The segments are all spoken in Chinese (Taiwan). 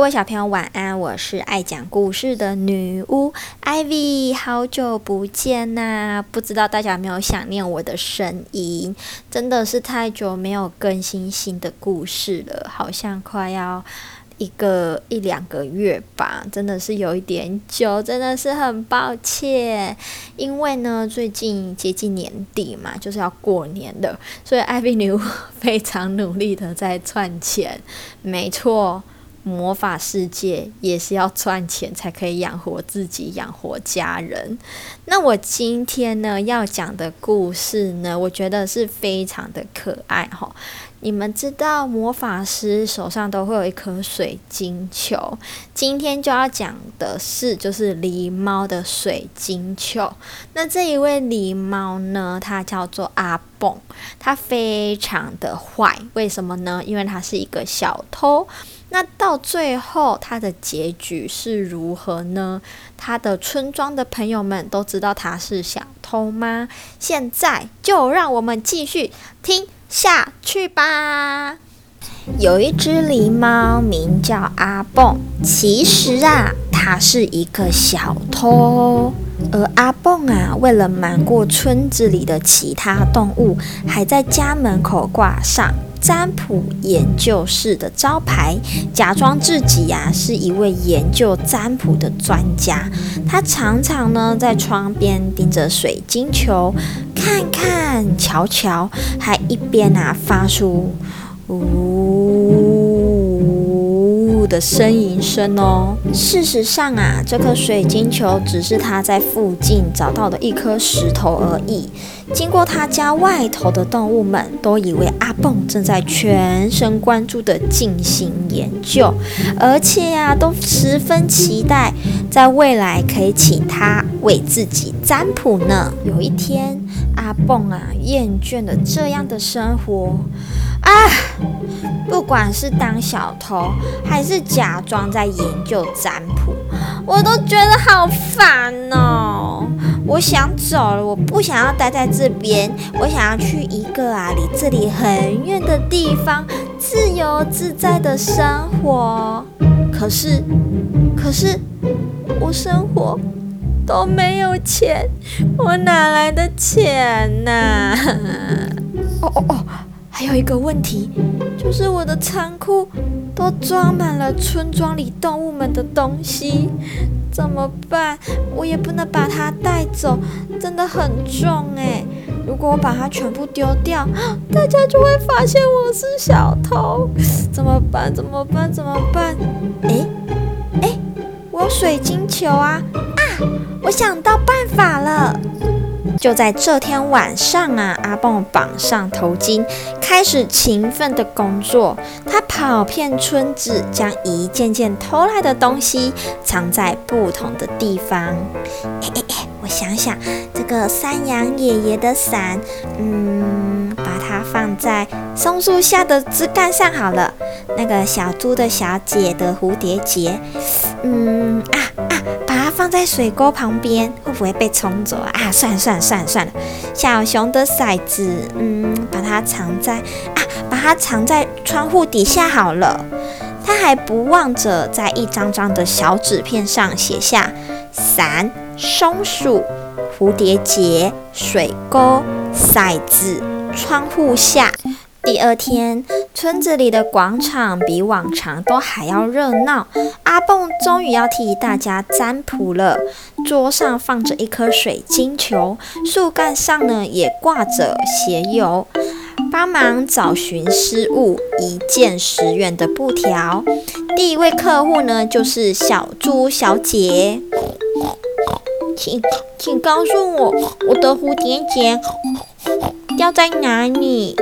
各位小朋友晚安，我是愛講故事的女巫 Ivy，好久不見吶、啊！不知道大家有沒有想念我的聲音？真的是太久沒有更新新的故事了，好像快要一個一兩個月吧，真的是有一點久，真的是很抱歉。因為呢，最近接近年底嘛，就是要過年的，所以 Ivy 女巫非常努力的在賺錢，沒錯。魔法世界也是要賺錢才可以養活自己，養活家人。那我今天呢，要講的故事呢，我覺得是非常的可愛哈！你們知道魔法師手上都會有一顆水晶球。今天就要講的是，就是狸貓的水晶球。那這一位狸貓呢，它叫做阿蹦，它非常的壞。為什麼呢？因為它是一個小偷。那到最後，他的結局是如何呢？他的村莊的朋友們都知道他是小偷嗎？現在就讓我們繼續聽下去吧。有一只狸貓，名叫阿蹦。其實啊，它是一個小偷。而阿蹦啊，為了瞞過村子裡的其他動物，還在家門口掛上。占卜研究室的招牌，假裝自己呀、啊、是一位研究占卜的專家。他常常呢在窗邊盯着水晶球，看看瞧瞧，還一邊啊發出嗚。哦的呻吟聲哦，事實上啊，這顆水晶球只是他在附近找到的一顆石頭而已。經過他家外頭的動物們都以為阿蹦正在全神貫注的進行研究，而且啊，都十分期待在未來可以請他為自己占卜呢。有一天，阿蹦啊厭倦了這樣的生活。啊，不管是當小偷，還是假裝在研究占卜，我都覺得好煩哦！我想走了，我不想要待在這邊，我想要去一個啊，離這裡很遠的地方，自由自在的生活。可是，可是我生活都沒有錢，我哪來的錢呢？啊？哦哦哦！還有一個問題，就是我的倉庫都裝滿了村莊裡動物們的東西，怎麼辦？我也不能把它帶走，真的很重哎！如果我把它全部丟掉，大家就會發現我是小偷，怎麼辦？怎麼辦？怎麼辦？哎誒，誒，我有水晶球啊啊！我想到辦法了。就在這天晚上啊，阿蹦綁上頭巾，開始勤奮的工作。他跑遍村子，將一件件偷來的東西藏在不同的地方。哎哎哎，我想想，這個山羊爺爺的傘，嗯，把它放在松樹下的枝幹上好了。那個小豬的小姐的蝴蝶結，嗯。放在水溝旁邊會不會被沖走啊，啊？算了算了算了算了，小熊的骰子，嗯，把它藏在啊，把它藏在窗戶底下好了。它還不忘着在一張張的小紙片上寫下傘、松鼠、蝴蝶結、水溝、骰子、窗戶下。第二天，村子裡的廣場比往常都還要熱鬧。阿蹦終於要替大家占卜了。桌上放着一顆水晶球，樹幹上呢也掛着寫有，幫忙找尋失物，一件十元的布條。第一位客戶呢，就是小豬小姐，請請告訴我，我的蝴蝶結掉在哪裡？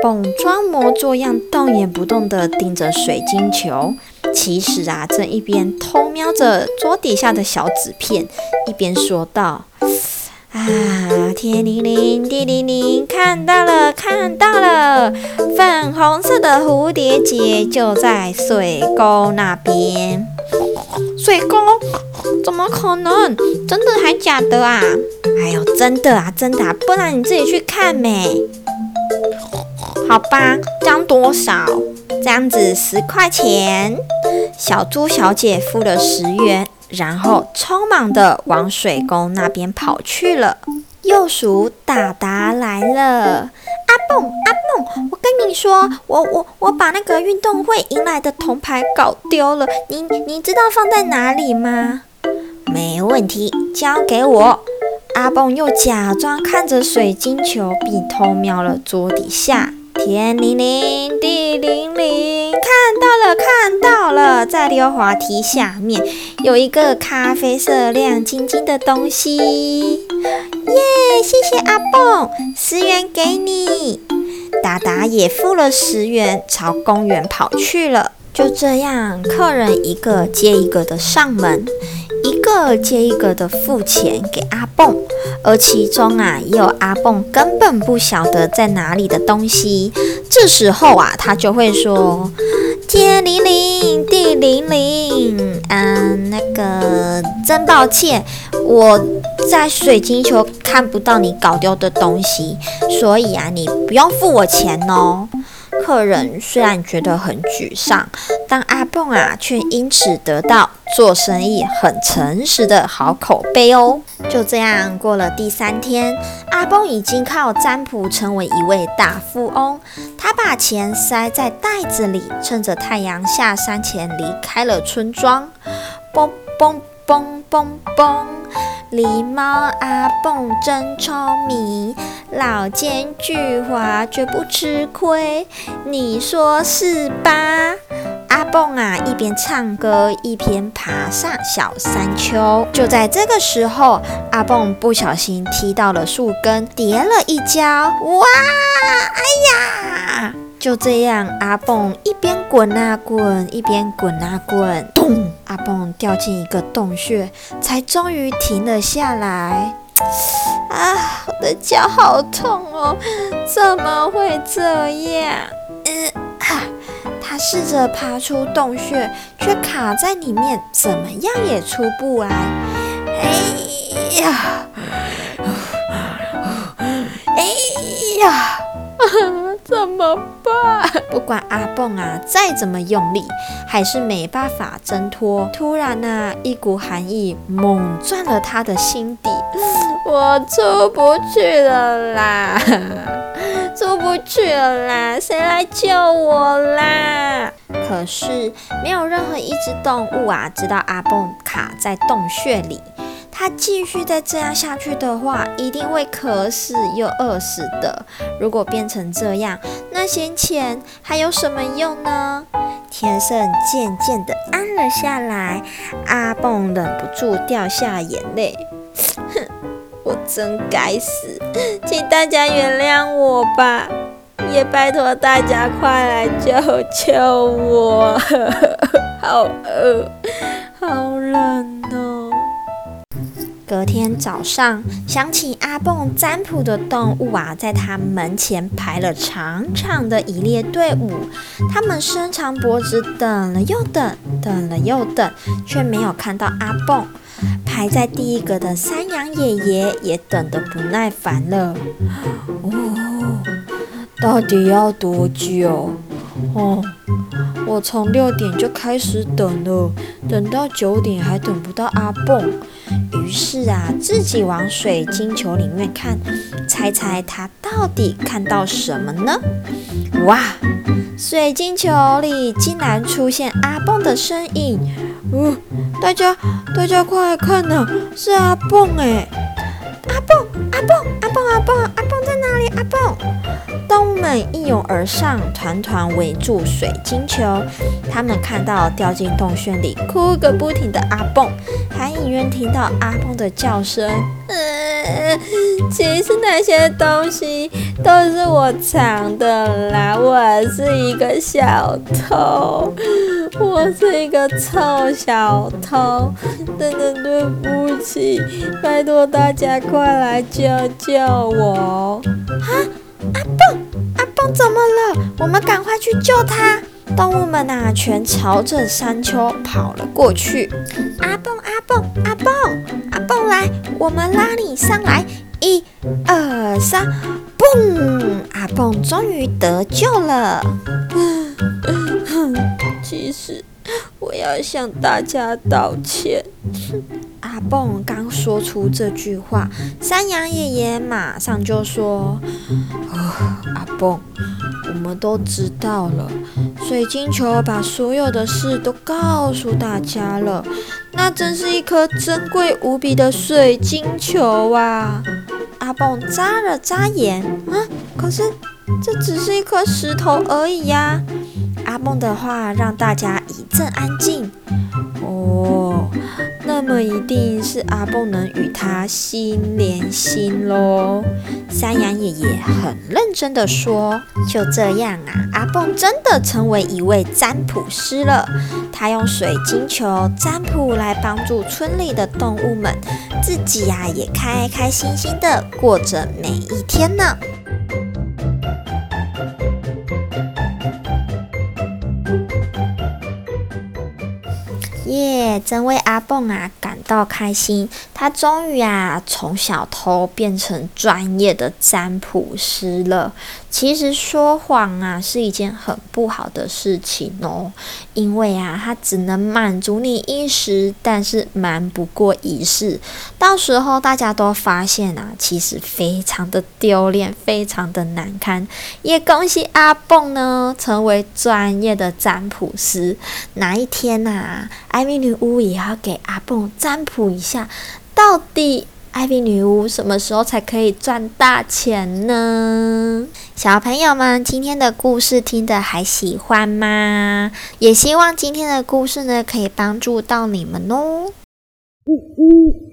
蹦裝模作樣，動也不動地盯着水晶球，其實啊，正一邊偷瞄着桌底下的小紙片，一邊說道：“啊，天靈靈，地靈靈，看到了，看到了，粉紅色的蝴蝶結就在水溝那邊。水溝？怎麼可能？真的還假的啊？哎呦，真的啊，真的啊，不然你自己去看唄。”好吧，這樣多少？這樣子十塊錢。小豬小姐付了十元，然後匆忙地往水宮那邊跑去了。幼鼠打打來了，阿蹦阿蹦，我跟你說，我我我把那個運動會贏來的銅牌搞丟了，你你知道放在哪裡嗎？沒問題，交給我。阿蹦又假裝看着水晶球，並偷瞄了桌底下。天靈靈，地靈靈，看到了，看到了，在溜滑梯下面有一個咖啡色亮晶晶的東西。耶！謝謝阿蹦，十元給你。達達也付了十元，朝公園跑去了。就這樣，客人一個接一個的上門。一個接一個的付錢給阿蹦，而其中啊也有阿蹦根本不曉得在哪裡的東西。這時候啊，他就會說：“天靈靈，地靈靈，嗯、呃，那個真抱歉，我在水晶球看不到你搞丟的東西，所以啊，你不用付我錢哦。”客人雖然覺得很沮喪，但阿蹦啊卻因此得到做生意很誠實的好口碑哦。就這樣過了第三天，阿蹦已經靠占卜成為一位大富翁。他把錢塞在袋子裡，趁着太陽下山前離開了村莊。嘣嘣嘣嘣嘣，狸貓阿蹦真聰明。老奸巨猾，絕不吃虧，你說是吧？阿蹦啊，一邊唱歌，一邊爬上小山丘。就在這個時候，阿蹦不小心踢到了樹根，跌了一跤。哇！哎呀！就這樣，阿蹦一邊滾啊滾，一邊滾啊滾。咚！阿蹦掉進一個洞穴，才終於停了下來。啊，我的腳好痛哦，怎麼會這樣？呃啊、他試着爬出洞穴，卻卡在裡面，怎麼樣也出不來。哎呀！呃、哎呀！ 怎麼辦？不管阿蹦啊再怎麼用力，還是沒辦法掙脫。突然呢、啊，一股寒意猛鑽了他的心底，我出不去了啦，出不去了啦，誰來救我啦？可是沒有任何一隻動物啊，知道阿蹦卡在洞穴裡。他繼續再這樣下去的話，一定會渴死又餓死的。如果變成這樣，那些錢還有什麼用呢？天色漸漸的暗了下來，阿蹦忍不住掉下眼淚。 我真該死，請大家原諒我吧，也拜托大家快來救救我！ 好餓，好冷哦。隔天早上，想起阿蹦占卜的動物啊，在他門前排了長長的一列隊伍。他們伸長脖子等了又等，等了又等，卻沒有看到阿蹦。排在第一個的山羊爺爺也等得不耐煩了。哦，到底要多久？哦、嗯，我從六點就開始等了，等到九點還等不到阿蹦，於是啊，自己往水晶球裡面看，猜猜他到底看到什麼呢？哇，水晶球裡竟然出現阿蹦的身影！嗚、呃，大家大家快來看吶、啊，是阿蹦誒、欸。阿蹦阿蹦阿蹦阿蹦在哪裡？阿蹦！動物們一擁而上，團團圍住水晶球。他們看到掉進洞穴裡哭個不停的阿蹦，還隱約聽到阿蹦的叫聲。呃，其實那些東西都是我藏的啦，我是一個小偷。我是一個臭小偷，真的對不起，拜托大家快來救救我！哈、啊，阿蹦，阿蹦怎麼了？我們趕快去救他！動物們吶、啊，全朝着山丘跑了過去。阿蹦，阿蹦，阿蹦，阿蹦，阿蹦來，我們拉你上來！一、二、三，蹦！阿蹦終於得救了。 其實，我要向大家道歉。阿蹦剛說出這句話，山羊爺爺馬上就說、呃：“阿蹦，我們都知道了，水晶球把所有的事都告訴大家了。那真是一顆珍貴無比的水晶球啊！”阿蹦眨了眨眼，啊，可是這只是一顆石頭而已呀、啊。阿蹦的話讓大家一陣安靜。哦，那麼一定是阿蹦能與他心連心嘍。山羊爺爺很認真的說：“就這樣啊，阿蹦真的成為一位占卜師了。他用水晶球占卜來幫助村裡的動物們，自己呀、啊、也開開心心的過着每一天呢。”耶！Yeah, 真為阿蹦啊感到開心，他終於啊從小偷變成專業的占卜師了。其實說謊啊是一件很不好的事情哦，因為啊，它只能滿足你一時，但是瞞不過一世。到時候大家都發現啊，其實非常的丟臉，非常的難堪。也恭喜阿蹦呢，成為專業的占卜師。哪一天吶、啊，艾米女巫也要給阿蹦占卜一下，到底。艾比女巫什麼時候才可以賺大錢呢？小朋友們，今天的故事聽得還喜歡嗎？也希望今天的故事呢，可以幫助到你們哦。嗯嗯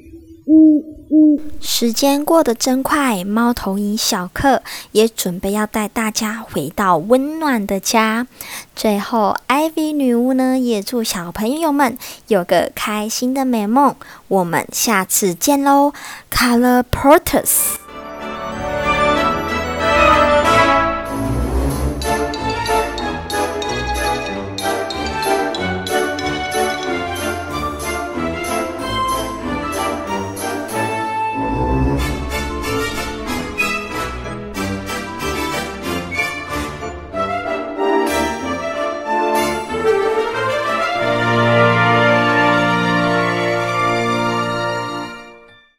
時間過得真快，貓頭鷹小克也準備要帶大家回到溫暖的家。最後，IVY 女巫呢也祝小朋友們有個開心的美夢。我們下次見嘍，Colloportus。